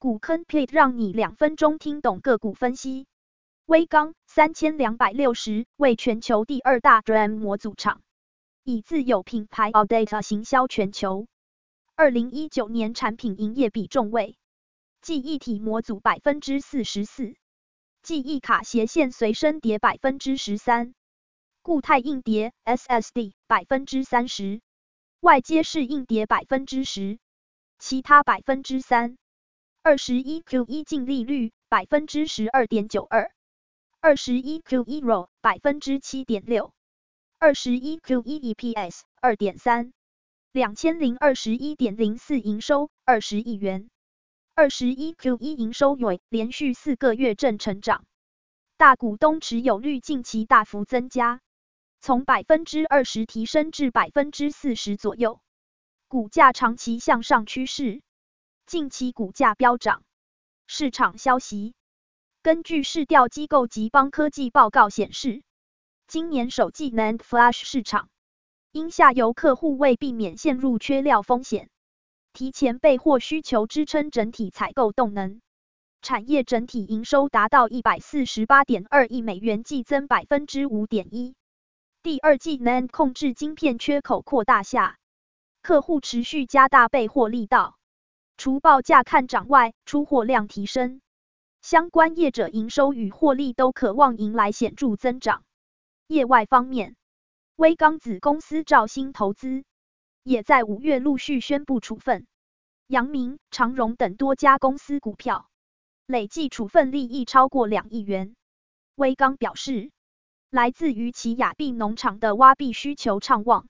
股坑派，讓你兩分鐘聽懂個股分析。威剛三千兩百六十為全球第二大 DRAM 模組廠，以自有品牌 All Data 行銷全球。二零一九年產品營業比重為，記憶體模組百分之四十四，記憶卡斜線隨身碟百分之十三，固態硬碟 SSD 百分之三十，外接式硬碟百分之十，其他百分之三。二十一 Q 一、e、淨利率百分之十二點九二，二十一 Q 一 ROE 百分之七點六，二十一 Q 一、e、EPS 二點三，兩千零二十一點零四營收二十億元，二十一 Q 一、e、營收 YoY 連續四個月正成長，大股東持有率近期大幅增加，從百分之二十提升至百分之四十左右，股價長期向上趨勢。近期股價飆漲，市場消息。根據市調機構集邦科技報告顯示，今年首季 NAND Flash 市場，因下游客戶為避免陷入缺料風險，提前備貨需求支撐整體採購動能，產業整體營收達到一百四十八點二億美元，季增百分之五點一。第二季 NAND 控制晶片缺口擴大下，客戶持續加大備貨力道。除報價看漲外，出貨量提升，相關業者營收與獲利都可望迎來顯著增長。業外方面，威剛子公司兆興投資也在五月陸續宣布處分陽明、長榮等多家公司股票，累計處分利益超過兩億元。威剛表示，來自於奇亞幣農場的挖幣需求暢旺，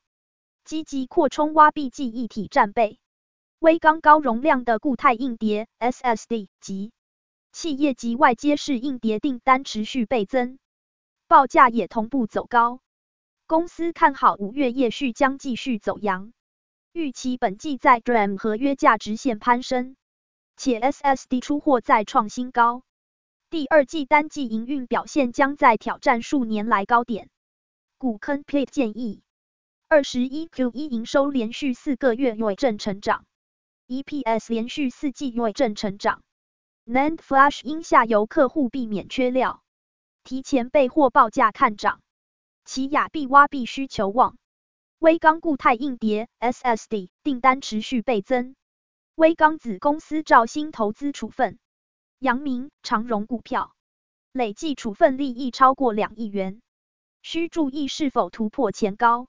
積極擴充挖幣記憶體戰備。微剛高容量的固態硬碟 （SSD） 及企業級外接式硬碟訂單持續倍增，報價也同步走高。公司看好五月業績將繼續走揚，預期本季在 DRAM 合約價直線攀升，且 SSD 出貨再創新高，第二季單季營運表現將再挑戰數年來高點。股坑 plate 建議，二十一 Q 一營收連續四個月 YoY 正成長。EPS 連續四季正成長，NAND Flash 因下游客戶避免缺料，提前備貨報價看漲，奇亞幣挖幣需求旺，威剛固態硬碟 SSD 訂單持續倍增，威剛子公司兆興投資處分，陽明、長榮股票累計處分利益超過兩億元，需注意是否突破前高。